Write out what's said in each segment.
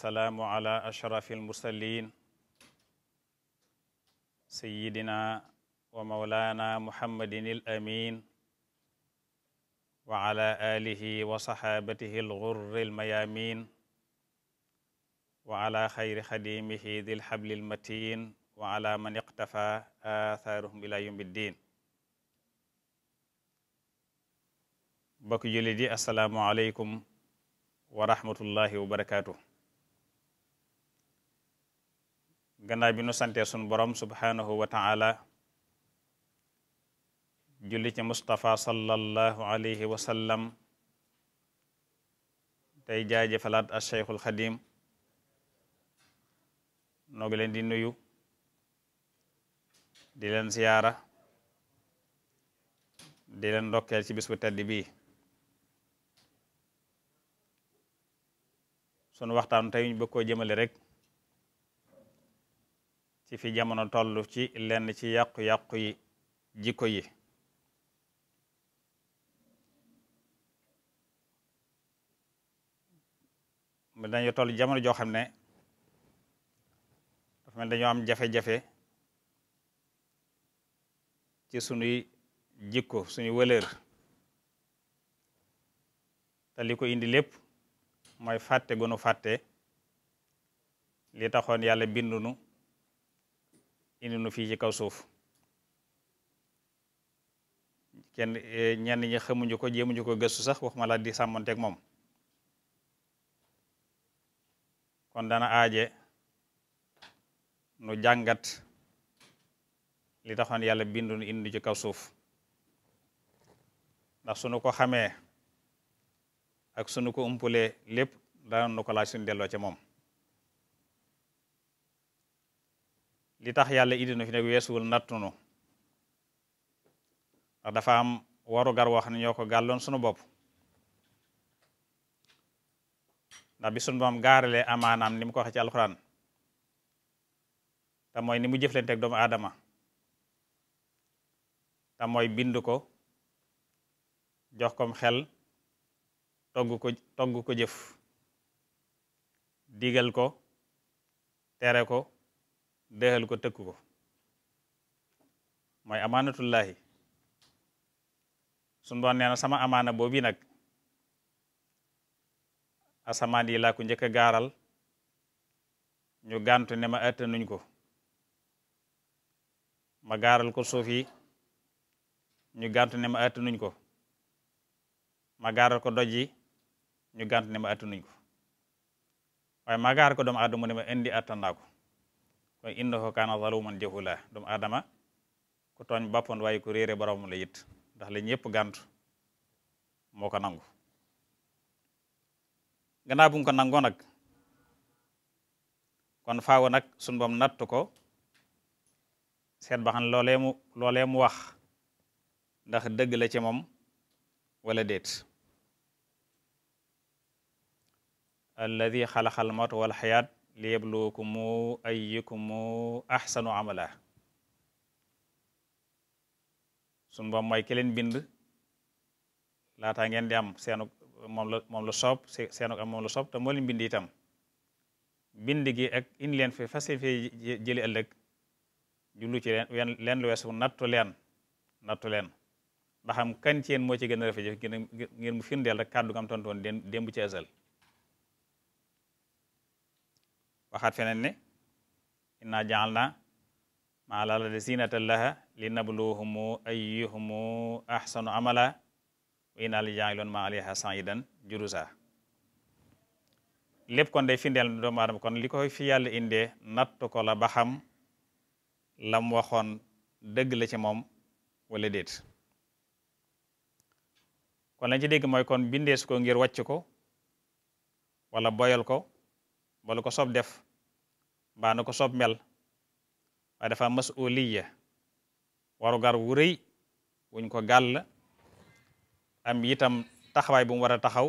salaamu ala ashraf almursalin sayidina wa maulana muhammadin al amin wa ala alihi wa saxaabatihi alxurri almayamin wa ala xayri xadimihi di lxabli almatin wa ala man iqtafa athaaruhum ila yawmi ddin bokk jullit yi assalaamu aleykum wa rahmatullahi wa barakatuh gannaaw bi nu santee sunu borom subhaanahu wa ta'ala julli ci Mustafa sallallahu alayhi wa sallam tey jaajëfalaat a Cheikhul Xadim noo ngi leen di nuyu di leen ziyaara di len ndokkeel ci bis bu tedd bii sunu waxtaan tey ñu bëgg koo jëmale rek ci fi jamono toll ci lenn ci yàqu-yàqu yi jikko yi dañoo toll jamono joo xam ne dafa mel dañoo am jafe-jafe ci sunuy jikko suñu wëlër te li ko indi lépp mooy fàtte gunu fàtte li taxoon yàlla bindunu indi nu fii ci kaw suuf kenn eh, ñenn ñi xamuñu ko jéemuñu ko gëstu sax waxuma la di sàmmanteeg moom kon dana aaje nu jàngat li taxoon yàlla bindu nu indi ci kaw suuf ndax sunu ko xamee ak sunu ko umpulee lépp dana nu ko laaj suñu delloo ca moom li tax yàlla indi na fi nag weesuwul nattunu ndax dafa am waru gar wax xam ne ñoo ko gàlloon sunu bopp ndax bi sunu boom gaaralee amaanaam ni mu ko waxee ci alxuraan te mooy ni mu jëflante teg doomu aadama te mooy bind ko jox kom xel togg ko ko jëf digal ko tere ko dexal ko tëkk ko mooy amaanatullaahi sunu Boroom nee na sama amaana boobu nag asamaan yi laa ko njëkk a gaaral ñu gàntu ne ma attanuñ ko ma gaaral ko suuf yi ñu gàntu ne ma attanuñ ko ma gaaral ko doj yi ñu gàntu ne ma attanuñ ko waaye ma gaaral ko doomu aadama ne ma indi attan ko kon innahu kaana zaluman jahula doomu aadama ku tooñ bàppoon waaye ku réere borom la it ndax la ñëpp gàntu moo ko nangu gannaaw bu ko nangoo nag kon fawo nag sun bam natt ko seet ba xam loolee mu wax ndax dëgg la ci moom wala déet alladi xalaqa al mawta wal xayaat liyabluwakum ayyukum ahsanu amala sun boom mooy ki leen bind laataa ngeen di am seenu moom la moom la soob seenu am moom la soob te moo leen bind gi ak in leen fi fas fi ëllëg jullu ci leen leen lu weesu nattu leen nattu leen ndax am kan ci moo ci gën a rafet jëf ngeen mu firndeel rek kàddu nga am tontoon démb ci waxaat feneen ne inna jaal na maa lala de sinatallaha li nabluhumu ayyuhumu ahsanu amala wa inna li jaa'iluun maa alayha sa'idan jurusa lépp kon findeel doomu aadama kon li ko fi yàlla indee natt ko la ba lam waxoon dëgg la ci moom wala déet kon lañ ci dégg kon bindees ko ngir wàcc ko wala boyal ko ba ko sob def mbaa ko sob mel waaye dafa masuliya warugar wu rëy wuñ ko gàll am itam taxawaay bu mu war a taxaw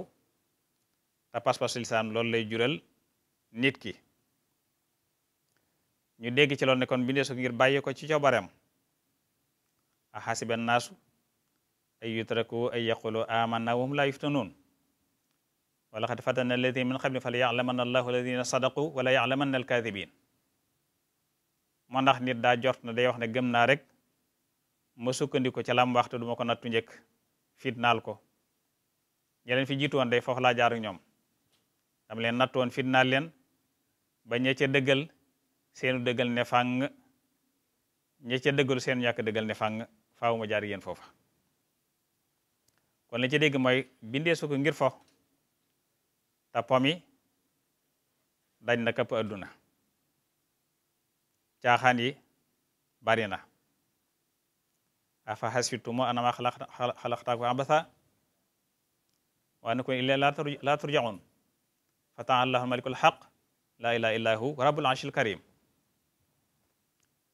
te pas-pas lislaam loolu lay jural nit ki ñu dégg ci loolu ne kon ngir bàyyi ko ci coobareem a xaasiba naasu ay yutraku ay yaqulu amanna wa hum laa yuftanuun wala xad fatana alladi min qabli fala yalamanna allahu alladina sadaqu wala yalamanna alkadibin moo ndax nit daa jort na day wax ne gëm naa rek ma sukkandiku ca lam waxtu du ma ko nattu njëkk fitnaal ko ñeleen fi jiitu woon day foofu laa jaaru ñoom dam leen nattu woon fitnaal leen ba ñe ca dëggal seenu dëggal ne fàng ñe ca dëggalu seenu ñàkk dëggal ne fàng faawu ma jaar yéen foofa kon li ci dégg mooy bindee su ko ngir fo te pomi dañ na këpp adduna caaxaan yi bari na afa xasibtumu annama xalaqtaakum abasa wa annakum ilayhi laa turjaun fa taala allahu malikul xaq laa ilaha illa hu rabbul arshil karim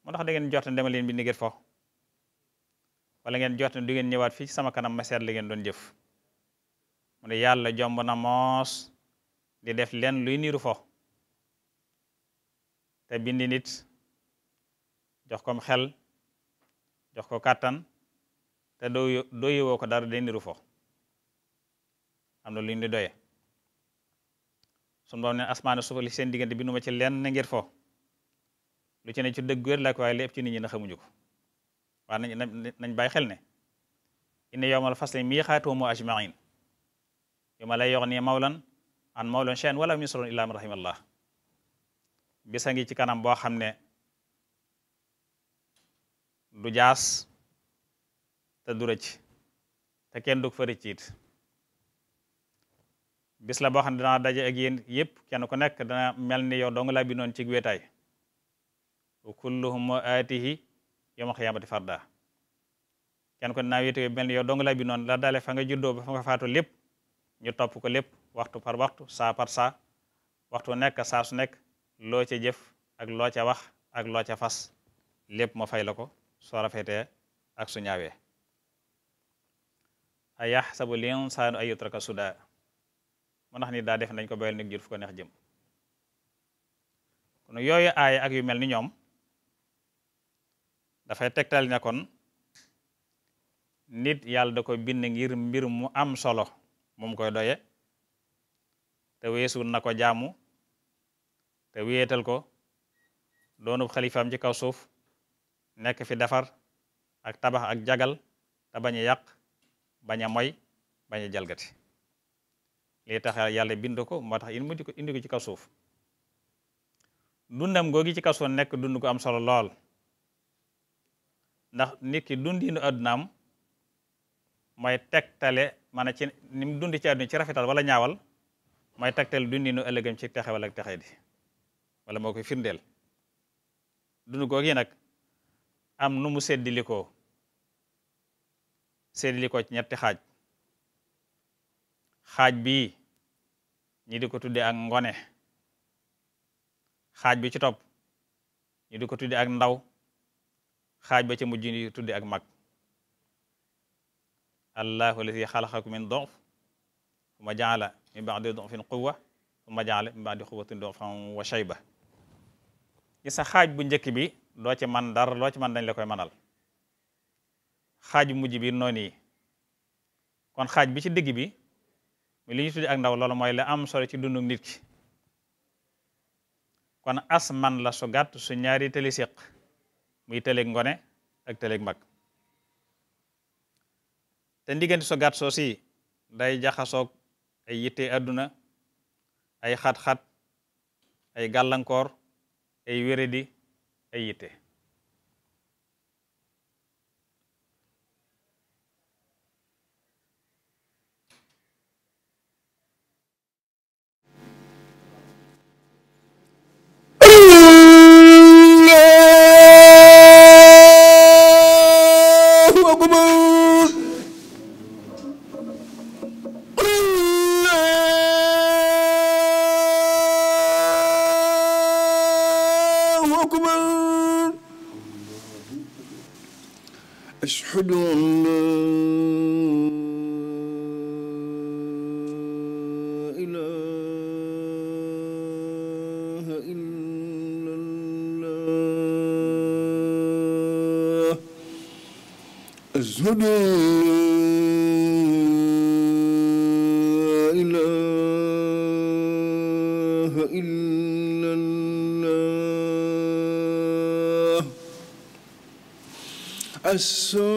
moo tax da ngeen jortan dema leen bi nigét fo wala ngeen jortan du ngeen ñëwaat fii sama kanam ma seet la doon jëf mu ne yàlla jomb na moos di def leen luy niru fo te bindi jox kom xel jox ko kàttan te doo doye woo ko dara day niru fo am na lu ñu di doye sun boom ne asmaan suuf seen diggante bi nu ma ci lenn ngir fo lu ci ne ci dëgg wér la ko waaye lépp ci nit ñi na xamuñu ko waaye nañ nañ xel ne inna yawmal fasli miiqaatuhum ajmain yawma laa yughni mawlan an mawlon chen wala misron illa man rahimallah bisa ngi ci kanam boo xam ne du jaas te du rëcc te kenn du fa rëcciit bis la boo xam ne dana daje ak yéen yëpp kenn ku nekk dana mel ni yow dong laa bindoon ci wéetaay wa kulluhum aatihi yawma xiyaamati farda kenn ku ne naa wéetee yoo ni yow dong laa bindoon la daale fa nga juddoo ba fa nga faatu lépp ñu topp ko lépp waxtu par waxtu saa par saa waxtu nekk saa su nekk loo ca jëf ak loo ca wax ak loo ca fas lépp ma fay la ko soo rafetee ak su ñaawee a yaxsabu linsaanu ay yutraka suda mu nax ni daa def nañ ko bayal nig jur fu ko neex jëm kon yooyu aaya ak yu mel ni ñoom dafay tegtal ne kon nit yàlla da koy bind ngir mbir mu am solo moom koy doye te weesu na ko jaamu te wéetal ko doonub xalifaam ci kaw suuf nekk fi defar ak tabax ak jagal te bañ a yàq bañ a moy bañ jalgati lii tax yàlla bind ko moo tax in mujj ko indi ko ci kaw suuf dundam googi ci kaw suuf nekk dund ko am solo lool ndax nit ki dundinu addunaam mooy tegtale maanaam ci ni mu dund ci àdduna ci rafetal wala ñaawal mooy tegtal dundinu ëllëgam ci texe wala ak texe di wala moo koy firndeel dund googu nag am nu mu séddili ko ko ci ñetti xaaj xaaj bi ñi di ko tudde ak ngone xaaj bi ci topp ñu di ko tudde ak ndaw xaaj ba ci mujj ñu tudde ak mag allahu alladi xalaqakum min dof summa jaala min baadi dofin quwa summa jaale min baadi quwatin dofan wa shayba ci sa xaaj bu njëkk bi loo ci man dar loo ci man dañ la koy manal xaaj mujj bi noon yi kon xaaj bi ci digg bi li ñu tuddi ak ndaw lool mooy la am solo ci dundu nit ki kon as man la su gàtt su ñaari tëli séq muy tëleeg ngone ak tëleeg mag te ndiggante su gàtt soo day jaxasoog ay yitte àdduna ay xat-xat ay gàllankoor ay wéredi ay yitte وحده لا إله إلا الله أشهد لا إله إلا الله السلام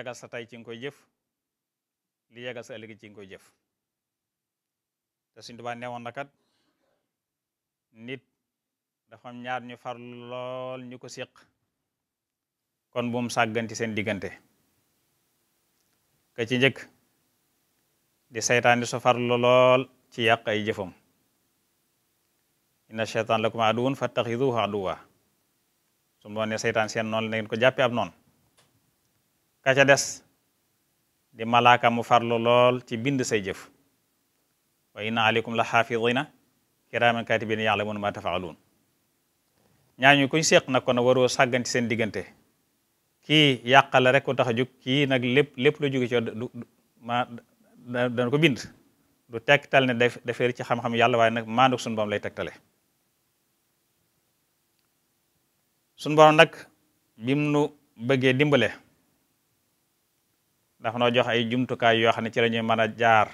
yagal sa tay ci nga koy jëf li yagal sa ëllëg ci nga koy jëf te Sëñ Tuubaa na kat nit dafa am ñu far lool ñu ko séq kon bu mu sàgganti seen diggante ka ci njëkk di seytaani di su far lool ci yàq ay jëfam inna shaytaan lakum aduwwun fattaxiduuhu aduwwa su mu doon ne seytaan seen noonu la ngeen ko jàppe ab noonu ka des di malaaka mu farlu lool ci bind say jëf wa inna aleykum la xaafidina kiraaman kaatibina yaalamuuna ma tafaaluun ñaañu koy séq nag kon waroo sàggan ci seen diggante kii yàqale rek ko tax a jóg kii nag lépp lépp lu jóge ci du dana ko bind du tegtal ne daf dafeer ci xam-xam yàlla waaye nag maanduk suñu borom lay tegtale suñu borom nag bim nu bëggee dimbale dafa noo jox ay jumtukaay yoo xam ne ci la mën a jaar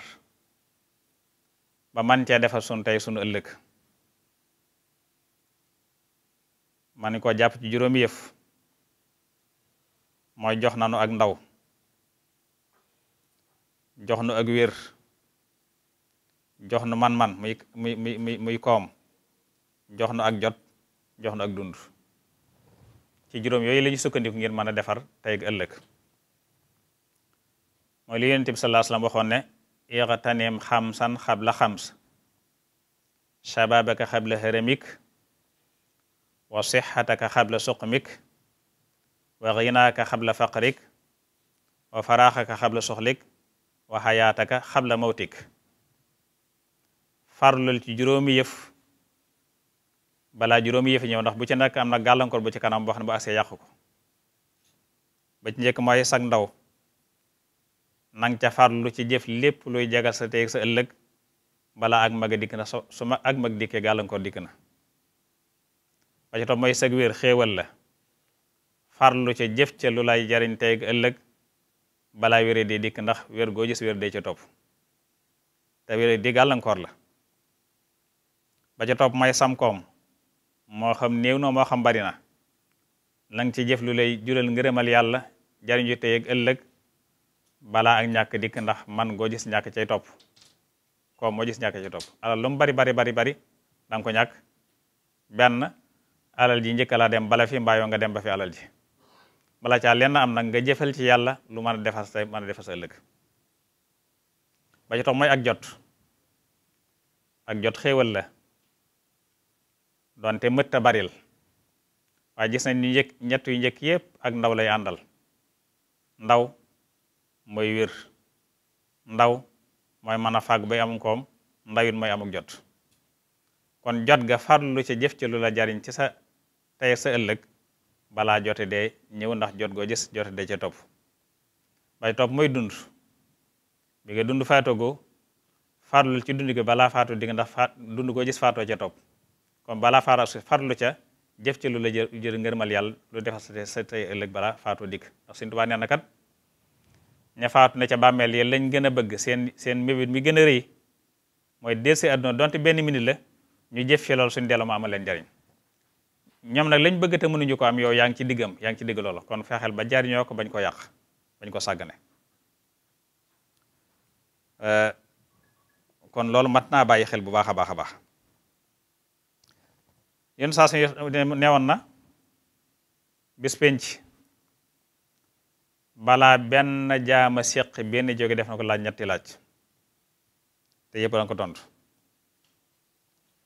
ba man cee defar sunu tey sunu ëllëg man ko jàpp ci juróomi yëf mooy jox nanu ak ndaw jox nu ak wér jox nu man-man muy muy muy koom jox nu ak jot jox nu ak dund ci juróom yooyu la ñu sukkandiku ngir mën a defar tey ak ëllëg mooy li yonent bi sallallahu alayhi wa sallam waxoon ne iqtanim xamsan xabla xams shababaka xabla haramik wa sixataka xabla suqmik wa xinaaka xabla faqrik wa faraaxaka xabla soxlik wa xayaataka xabla mawtik farlul ci juróomi yëf balaa juróomi yëf ñëw ndax bu ci na gàllankoor bu ci kanam boo xam ne bu asee yàqu ko ba njëkk mooy sag ndaw na nga ca lu ci jëf lépp luy jagal sa teeg sa ëllëg balaa ak mag dikk na so su ma ak mag dikkee gàllankoor dikk na ba ci topp xéewal la farlu ca jëf ca lu jariñ teeg ëllëg balaa wére di dikk ndax wér goo gis ca topp te di gàllankoor la ba ca topp mooy sam moo xam néew na moo xam bari na la nga jëf lu lay jural ngërëmal yàlla jariñ ju tey ëllëg balaa ak ñàkk dikk ndax man ngoo gis ñàkk cay topp koom moo gis ñàkk cay topp alal lu bari bari bari bari da nga ko ñàkk benn alal ji njëkka dem bala fi mbaayoo nga dem ba fi alal ji bala caa lenn am nag nga jëfal ci yàlla lu mën a defar sa mën a defar sa ëllëg ba ci topp mooy ak jot ak jot xéewal la donte mëtta baril waaye gis nañ ñu ñett yu njëkk yépp ak ndaw lay àndal ndaw mooy wér ndaw mooy mën a fàgg bay amum koom ndawit mooy amuk jot kon jot ga farlu ci jëf ci lu la jariñ ci sa tey sa ëllëg balaa jote dee ñëw ndax jot goo gis jote dee ca topp bay topp dund bi nga dund faatogoo farlul ci dund gi balaa faatu di ndax faat dund goo gis faatoo ca topp kon balaa faatu farlu ca jëf ci lu la jër ngërmal yàlla lu defal sa tey ëllëg balaa faatu dikk ndax Sëñ Tuubaa kat ña faatu na ca bàmmeel yi lañ gën a bëgg seen seen mébét mi gën a rëy mooy del si dont benn minute la ñu jëf fi lool suñ delloo mu amal leen njariñ ñoom nag lañ bëgg te mënuñu ko am yow yaa ngi ci diggam yaa ngi ci digg loolu kon fexeel ba jariñoo ko bañ ko yàq bañ ko sàggane euh, kon loolu mat naa bàyyi xel bu baax a baax a baax yéen saa su newoon na bis balaa benn jaama séq benn jóge def na ko laaj ñetti laaj te yëpp danga ko tontu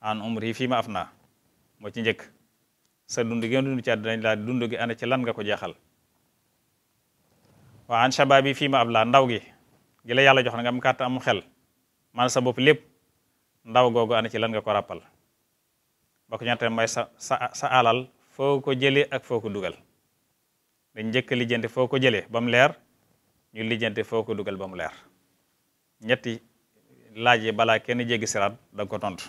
an umri fii ma af naa moo ci njëkk sa dund gi nga dund ci àddina laa dund gi ana ci lan nga ko jeexal waa an shabaab yi ab laa ndaw gi gi la yàlla jox na nga am kàtt xel man sa bopp lépp ndaw googu ana ci lan nga ko ràppal ba ko ñaata mooy sa sa alal foo ko jëlee ak foo ko dugal dañ njëkk lijjanti foo ko jëlee ba mu leer ñu lijjanti foo ko dugal ba mu leer ñetti laaj yi balaa kenn jéggi siraat da nga ko tontu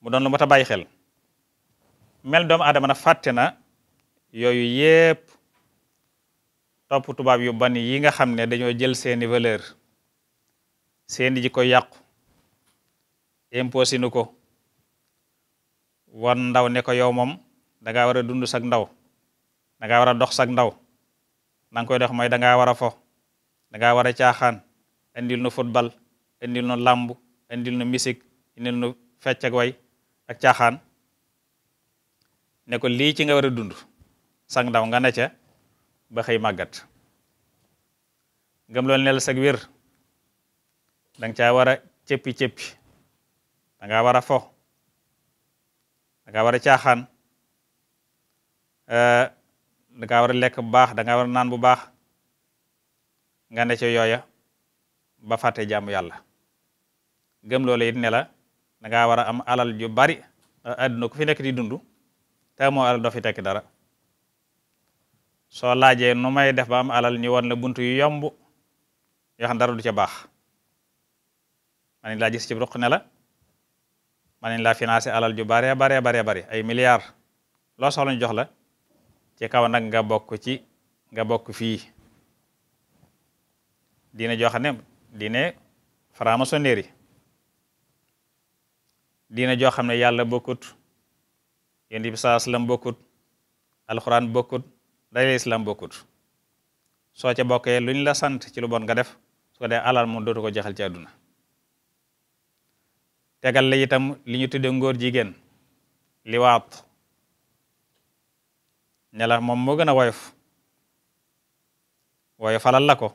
mu doon lu mat a bàyyi xel mel doom aadama na fàtte na yooyu yépp topp tubaab yu ban yi nga xam ne dañoo jël seeni valeur seeni ji ko yàqu imposé nu ko wan ndaw ne ko yow moom dangaa war a dund sag ndaw danga war a dox sag ndaw danga nga koy dox mooy dangaa war a fo dangaa war a caaxaan indil nu football indil nu làmb indil nu misik indil nu fecc ak way ak caaxaan ne ko lii ci nga war a dund sag ndaw nga ne ca ba xëy màggat gëm loolu nel sag wér danga caa war a cëppi-cëppi dangaa war a fo dangaa war a Eh, da ngaa war a lekk bu baax da war a naan bu baax nga ne ca yooya ba fàtte jàmm yàlla gëm loolu it ne la da war a am alal ju bari eh, àdduna ku fi nekk di dund te amoo alal doo fi tekki dara soo laajee nu may def ba am alal ñu won la buntu yomb yoo xam dara du ca baax man laa gis ci ruq ne la man laa financé alal ju baree baree baree bari ay milliards loo soxla ñu jox la ci kaw nag nga bokk ci nga bokk fii diine joo xam ne diine franc-maçonnerie diine joo xam ne yàlla bokkut yonent bi saa sallam bokkut alxuraan bokkut dalil islam bokkut soo ca bokkee lu la sant ci lu bon nga def soo dee alal moom dootu ko jaxal ci àdduna tegal la itam li ñu tudde ngóor jigéen liwaat ne la moom moo gën a woyof woyofalal la ko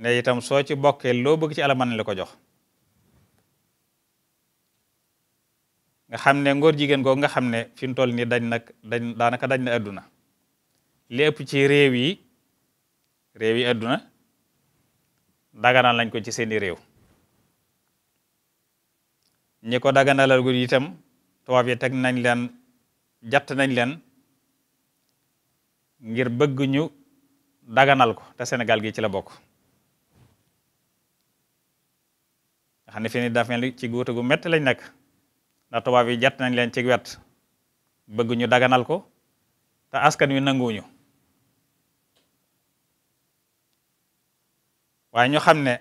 ne itam soo ci bokkee loo bëgg ci ala mën la ko jox nga xam ne ngóor jigéen ko nga xam ne fi mu toll dañ nag dañ daanaka dañ na adduna li ëpp ci réew yi réew yi adduna daganal lañ ko ci seeni réew ñi ko daganalal gu itam tubaab yi teg nañ leen jatt nañ leen ngir bëgguñu ñu daganal ko te senegal gi ci la bokk nga xam ne fi ni ci góote gu métti lañ nekk ndax tubaab yi jàtt nañ leen ci wet bëgguñu ñu daganal ko te askan wi nanguwuñu waaye ñu xam ne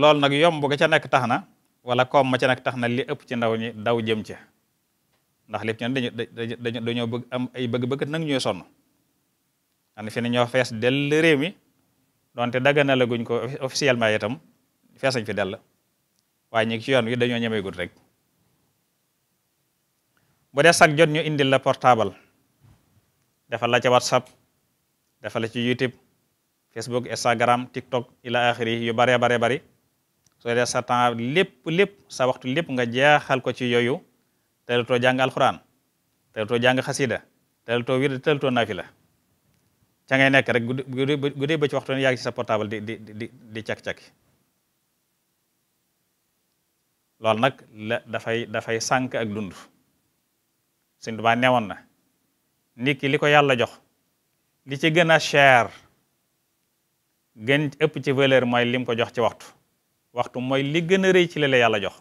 loolu nag yomb ga ca nekk tax na wala kom ma ca nekk tax na li ëpp ci ndaw ñi daw jëm ca ndax lépp ñun dañu dañu dañoo bëgg am ay bëgg-bëgg nag ñooy sonn xam ne ñoo fees dell réew mi donte daggana la guñ ko officiellement itam fees nañ fi dell waaye ñu ngi ci yoon wi dañoo ñemee gut rek bu dee sag jot ñu indil la portable defa la ca whatsapp defal la ci youtube facebook instagram tiktok ila axiri yu bare bare bari soo dee sa temps lépp lépp sa waxtu lépp nga jaaxal ko ci yooyu teelatoo jàng alxuraan teelatoo jàng xasida teelatoo wir teelatoo naafila ca ngay nekk rek guddi guddi ba ci waxtu yaa ngi ci sa portable di di di di cak-cak loolu nag la dafay dafay sànk ak dund Sëñ Tuubaa newoon na nit ki li ko yàlla jox li ci gën a cher gën ëpp ci valeur mooy lim ko jox ci waxtu waxtu mooy li gën a rëy ci la yàlla jox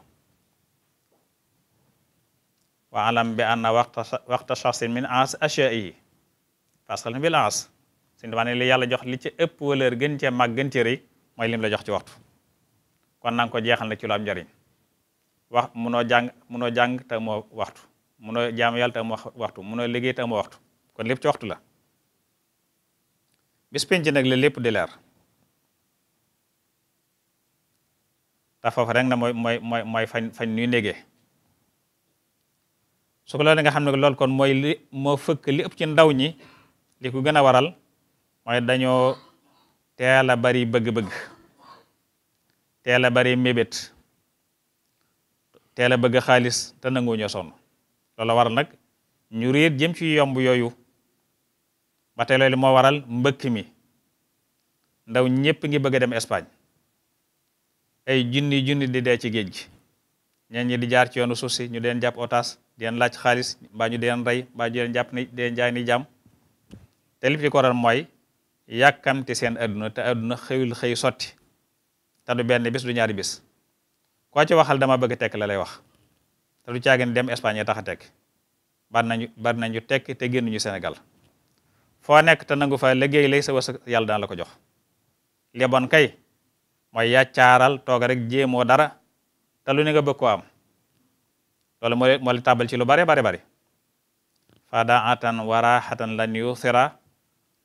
wa alam bi anna waxta waxta shaxsin min ans ashya'i fasal bil ans suñu dama ne li yàlla jox li ci ëpp valeur gën cee mag gën cee rëy mooy lim la jox ci waxtu kon nanga ko jeexal na ci lu am njariñ wax munoo jàng munoo jàng te moo waxtu munoo jaamu yàlla te moo waxtu munoo liggéey te moo waxtu kon lépp ci waxtu la bis penc nag la lépp di leer te foofu rek na mooy mooy fañ fañ ñuy négee su ko loolee nga xam ne loolu kon mooy li moo fëkk li ëpp ci ndaw ñi li ko gën a waral mooy dañoo teel a bari bëgg-bëgg teel a bari mébét teel a bëgg xaalis te nangu ñoo sonn loola waral nag ñu réer jëm ci yomb yooyu ba tey loolu moo waral mbëkk mi ndaw ñëpp ngi bëgg a dem Espagne ay junni junni di dee ci géej gi ñeen ñi di jaar ci yoonu suuf si ñu deen jàpp otaas di laaj xaalis mbaa ñu di leen rey mbaa ñu jàpp ni di leen jaay ni jàmm te li fi ko waral mooy yàkkamti seen adduna te adduna xëyul xëy sotti te du benn bis du ñaari bis koo ci waxal dama bëgg tekk la lay wax te du caagin dem Espagne tax a tekk bar nañu bar nañu tekk te génnuñu senegal foo nekk te nangu fa liggéey lay sa wasa yàlla dana la ko jox li bon kay mooy caaral toog rek jéemoo dara te lu ne nga bëgg ko am loolu moo moo la ci lu bare bare bare fada atan waraaxatan lan yusira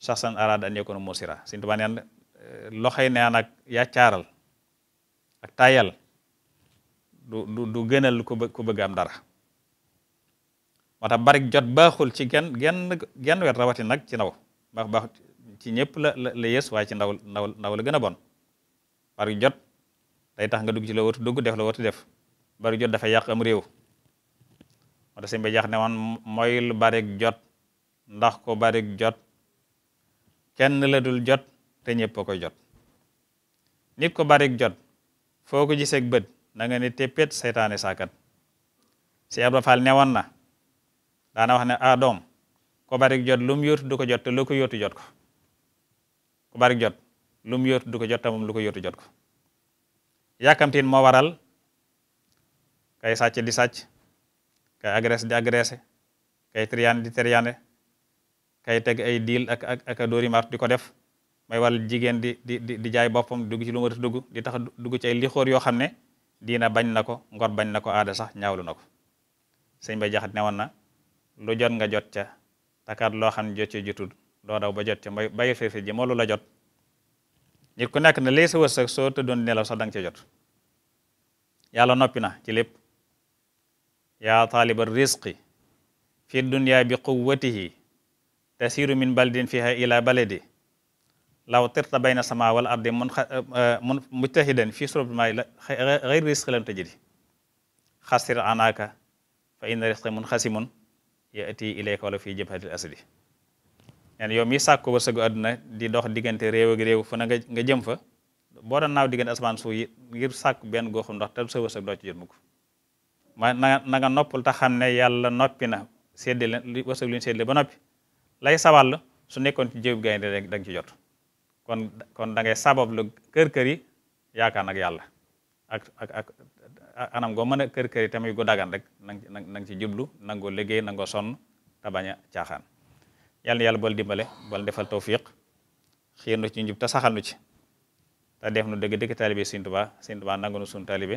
saxsan arada an yakuna musira Sëriñ eh, loxoy neen ak yàccaaral ak tayal du du du gënal ku ku bëgg am dara moo barik jot baaxul ci genn genn genn wet rawati nag ci naw baax baax ci ñëpp la la yées waaye ci ndaw ndaw ndaw la gën a bon barik jot day tax nga dugg ci la watu dugg def la watu barik jot dafa yàq am réew moo tax sëñ bi jax ne mooy lu barik jot ndax ko barik jot kenn la dul jot te ñëpp a koy jot nit ko barik jot foo ko gisee ak bët na nga ne téppét seytaane saakat si Abdou Fall na daana wax ne a ah, doom ko barik jot lu mu du ko jot te lu ko jot ko ko barik jot lu mu yóotu du ko jot te moom lu ko jot ko yàkkamtiin moo waral kay sàcc di sàcc kay agresse di agressé kay triyaane di triyaane kay teg ay diil ak ak ak a dóori di ko def may wàll jigéen di di di jaay boppam dugg ci lu warut di tax dugg ci ay lixóor yoo xam ne diina bañ na ko ngor bañ na ko aada sax ñaawlu na ko sëñ ba jaxat ne woon na lu jot nga jot ca takaat loo xam ne jot ca jotul doo daw ba jot ca may bay bayi feefe ji moo la jot nit ku nekk ne lii sa wërsëg soo doon nelaw sax danga ca jot yàlla noppi na ci lépp yaa taaliba risqi fi dunya bi quwwatihi tasiru min baldin fiha ila baladi law tirta bayna sama wal ardi mun mun mujtahidan fi surobima xeyr risqi lan tajidi xasir anaka fa inna risqi mun xasimun yaati ilayka wala fi jabhatil asdi neen yow mi sàkko wërsëgu àdduna di dox diggante réew ak réew fu na nga nga jëm fa boo doon naaw diggante asamaan suuf yi ngir sàkk benn goxum ndox te sa wërsëg doo ci jot mukk ma na na nga noppal xam ne yàlla noppi na séddale li wasak lu ñu séddale ba noppi lay sawal su nekkoon ci jéebu gaynde rek da ci jot kon kon da ngay sabab lu kër-kër yi yaakaar nag yàlla ak ak ak anam goo mën a kër-kër yi tamit go dagan rek nang na nga ci jublu nangoo liggéey nangoo sonn te bañ a caaxaan yàlla yàlla bol dimbale bol defal tawfiq xiir nu ci njub te saxal nu ci te def nu dëgg dëgg taalibe Sëñ Tuubaa Sëñ Tuubaa nangu nu suñu taalibe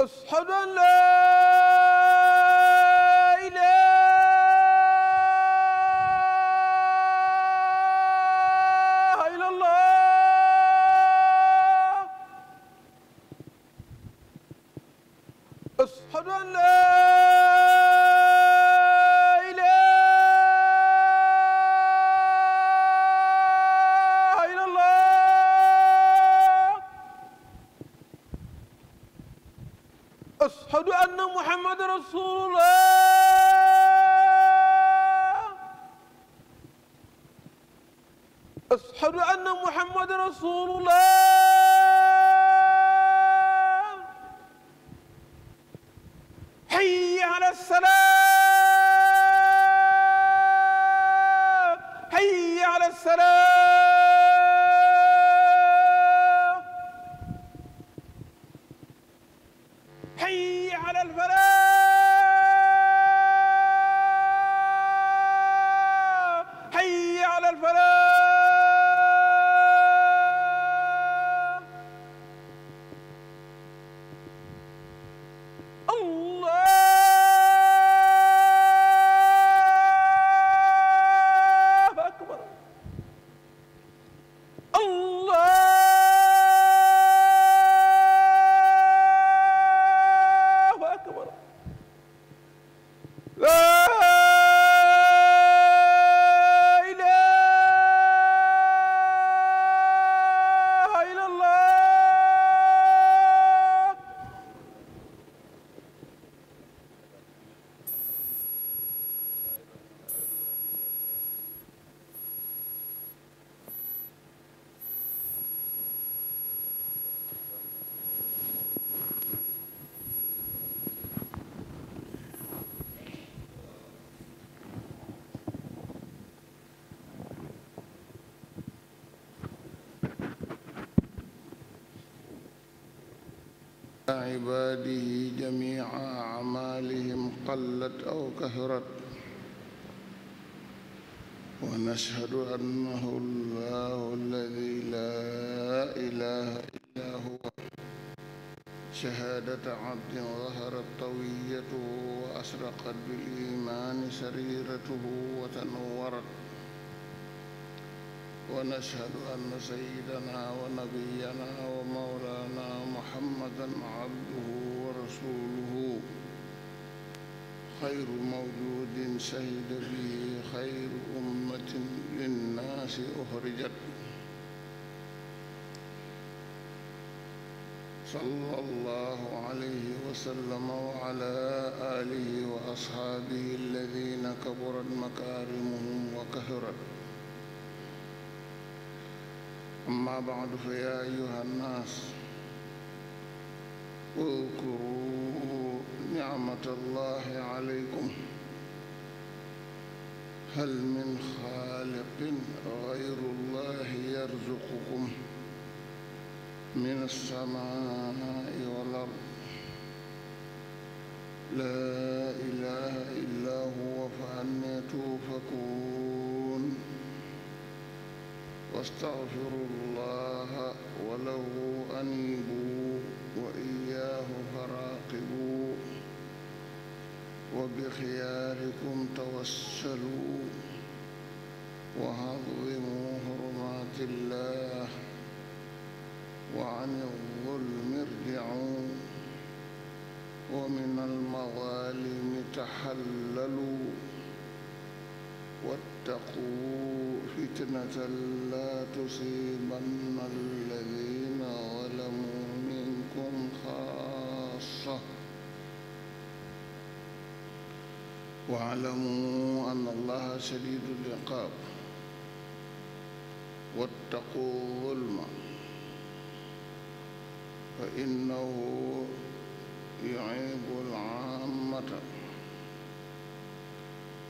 أشهد أن لا رسول الله عباده جميع أعمالهم قلت أو كثرت ونشهد أنه الله الذي لا إله إلا هو شهادة عبد ظهرت طويته وأشرقت بالإيمان سريرته وتنورت ونشهد أن سيدنا ونبينا ومولانا محمدا عبده ورسوله خير مولود شهد به خير أمة للناس أخرجت صلى الله عليه وسلم وعلى آله وأصحابه الذين كبرت مكارمهم وكثرت أما بعد فيا أيها الناس واذكروا نعمة الله عليكم هل من خالق غير الله يرزقكم من السماء والأرض لا إله إلا هو فأنا توفكون واستغفروا الله وله أنيبون وإياه فراقبوا وبخياركم توسلوا وعظموا حرمات الله وعن الظلم ارجعوا ومن المظالم تحللوا واتقوا فتنة لا تصيبن الذين العشرة واعلموا أن الله شديد العقاب واتقوا الظلم فإنه يعيب العامة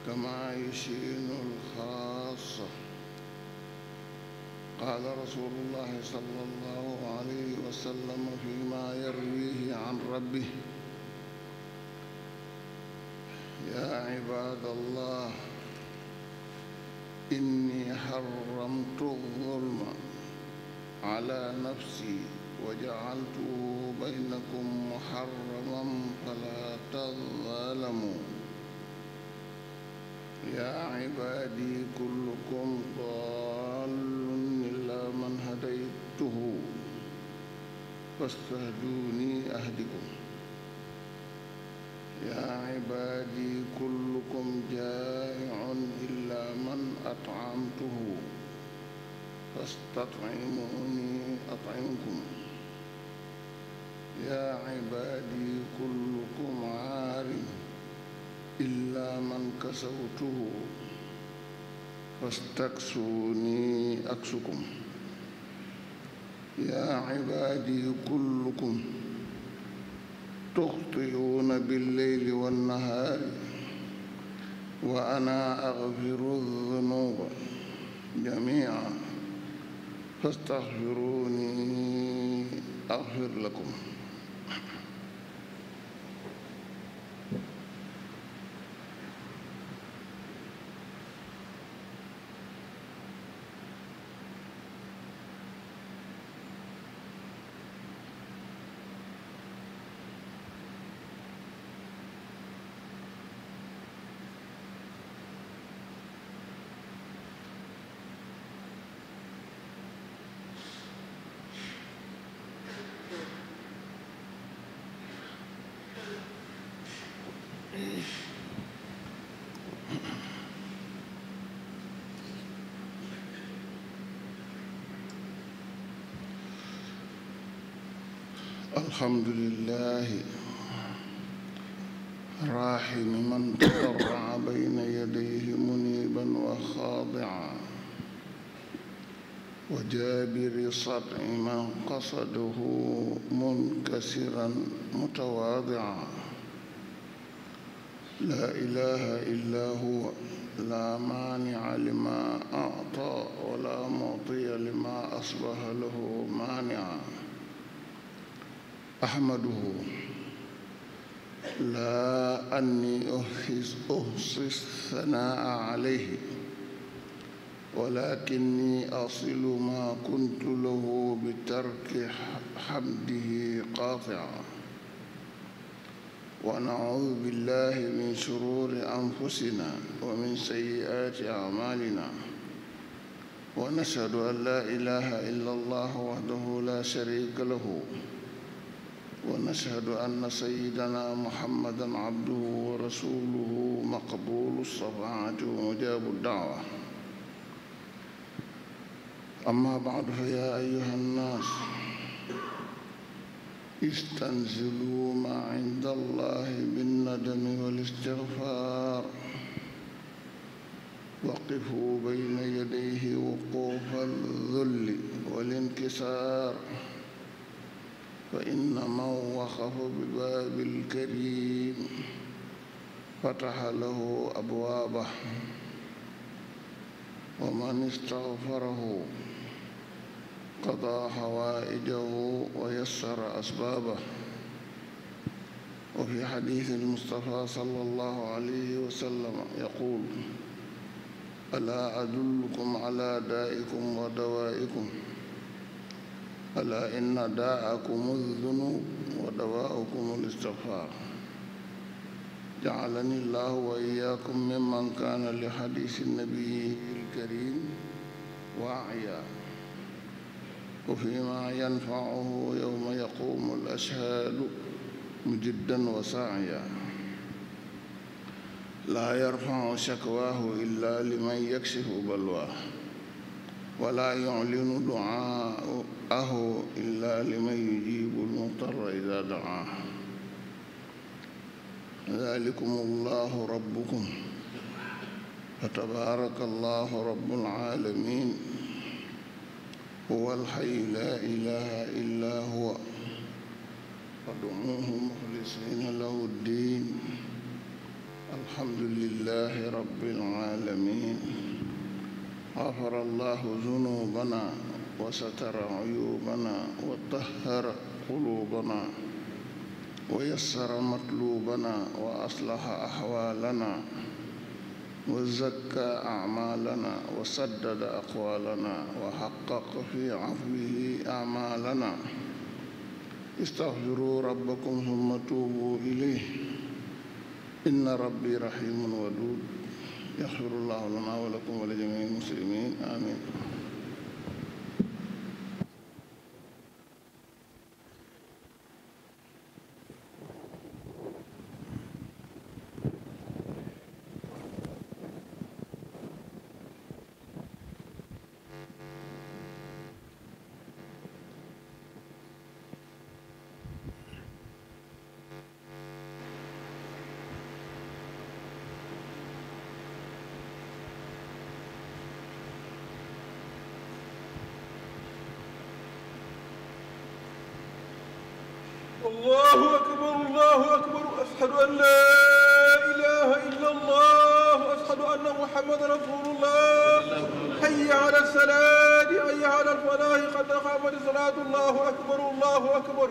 كما يشين الخاصه قال رسول الله صلى الله عليه وسلم فيما يرويه عن ربه يا عباد الله إني حرمت الظلم على نفسي وجعلته بينكم محرما فلا تظلموا يا عبادي كلكم ضال fastahduni ahdikum yaa cibaadi kullukum jaa'icun illaa man atcamtuhu fastatcimuni atcimkum yaa cibaadi kullukum caarin illaa man kasawtuhu fastaksuuni aksukum يا عبادي كلكم تخطئون بالليل والنهار وأنا أغفر الذنوب جميعا فاستغفروني أغفر لكم الحمد لله راحم من تضرع بين يديه منيبا وخاضعا وجابر صرع من قصده منكسرا متواضعا لا إله إلا هو لا مانع لما أعطى ولا معطي لما أصبح له مانعا أحمده لا أني أحصي الثناء عليه ولكني أصل ما كنت له بترك حمده قاطعا ونعوذ بالله من شرور أنفسنا ومن سيئات أعمالنا ونشهد أن لا إله إلا الله وحده لا شريك له ونشهد أن سيدنا محمدا عبده ورسوله مقبول الصفعة مجاب الدعوة أما بعد فيا أيها الناس استنزلوا ما عند الله بالندم والاستغفار وقفوا بين يديه وقوف الذل والانكسار فإن من وقف بباب الكريم فتح له أبوابه ومن استغفره قضى حوائجه ويسر أسبابه وفي حديث المصطفى صلى الله عليه وسلم يقول ألا أدلكم على دائكم ودوائكم ألا إن داءكم الذنوب ودواءكم الاستغفار جعلني الله وإياكم ممن كان لحديث النبي الكريم واعيا وفيما ينفعه يوم يقوم الأشهاد مجدا وساعيا لا يرفع شكواه إلا لمن يكشف بلواه ولا يعلن دعاء أهو إلا لمن يجيب المضطر إذا دعاه ذلكم الله ربكم فتبارك الله رب العالمين هو الحي لا إله إلا هو فادعوه مخلصين له الدين الحمد لله رب العالمين غفر الله ذنوبنا وستر عيوبنا وطهر قلوبنا ويسر مطلوبنا وأصلح أحوالنا وزكى أعمالنا وسدد أقوالنا وحقق في عفوه أعمالنا استغفروا ربكم ثم توبوا إليه إن ربي رحيم ودود يغفر الله لنا ولكم ولجميع المسلمين آمين an laa ilaaha illa allah wa ashhadu anna muhammadan rasulullah hayya ala salaati hayya ala alfalaahi qad qaamat salaatu allahu akbar allahu akbar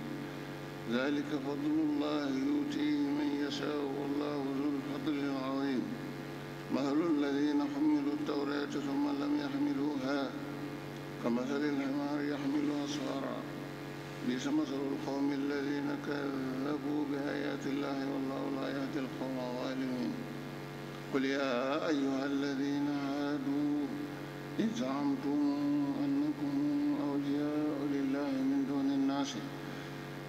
ذلك فضل الله يؤتيه من يشاء والله ذو الفضل العظيم مثل الذين حملوا التوراة ثم لم يحملوها كمثل الحمار يحمل أسفارا بئس مثل القوم الذين كذبوا بآيات الله والله لا يهدي القوم الظالمين قل يا أيها الذين هادوا إن زعمتم أنكم أولياء لله من دون الناس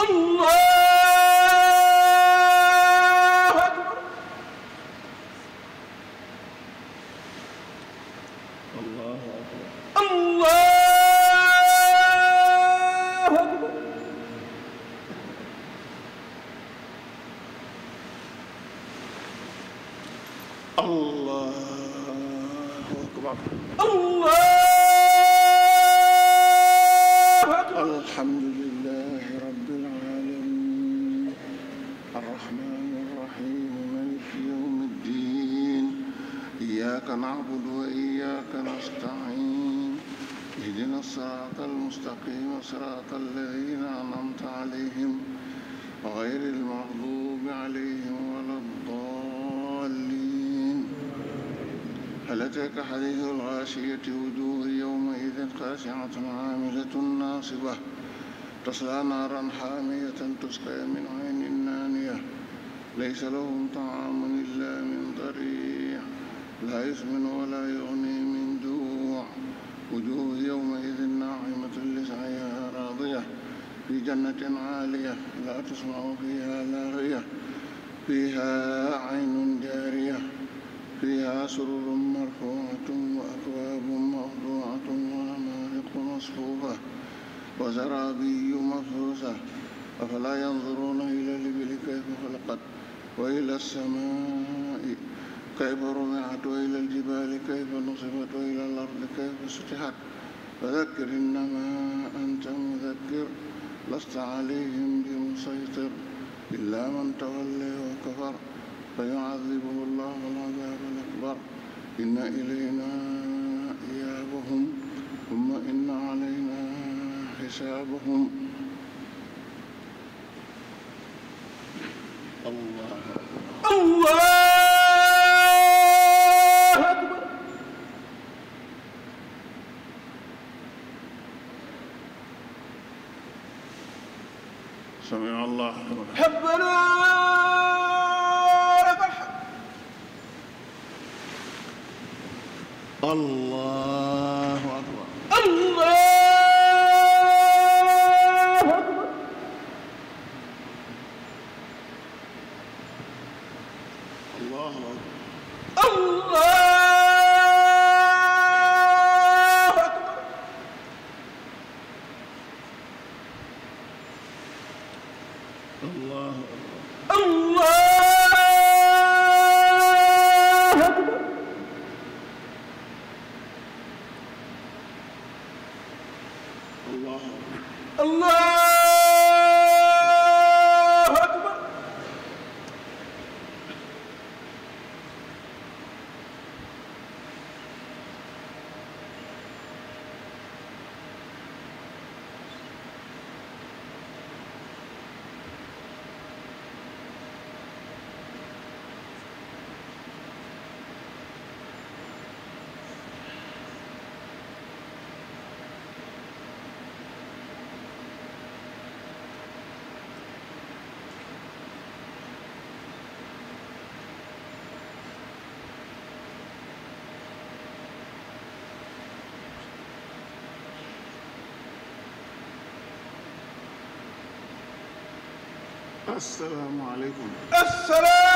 الله تصلى نارا حامية تسقى من عين نانية ليس لهم طعام إلا من ضريع لا يسمن ولا يغني من جوع وجوه يومئذ ناعمة لسعيها راضية في جنة عالية لا تسمع فيها لاغية فيها عين جارية فيها سرر مرفوعة وأكواب موضوعة وأمارق مصفوفة وزرابي مفروسا أفلا ينظرون إلى الإبل كيف خلقت وإلى السماء كيف رمعت وإلى الجبال كيف نصبت وإلى الأرض كيف سطحت فذكر إنما أنت مذكر لست عليهم بمسيطر إلا من تولي وكفر فيعذبه الله العذاب الأكبر إن إلينا إيابهم ثم إن علينا حسابهم سمع الله حبنا لك الحمد الله أكبر الله asalaamaaleykum. asalaamaaleykum.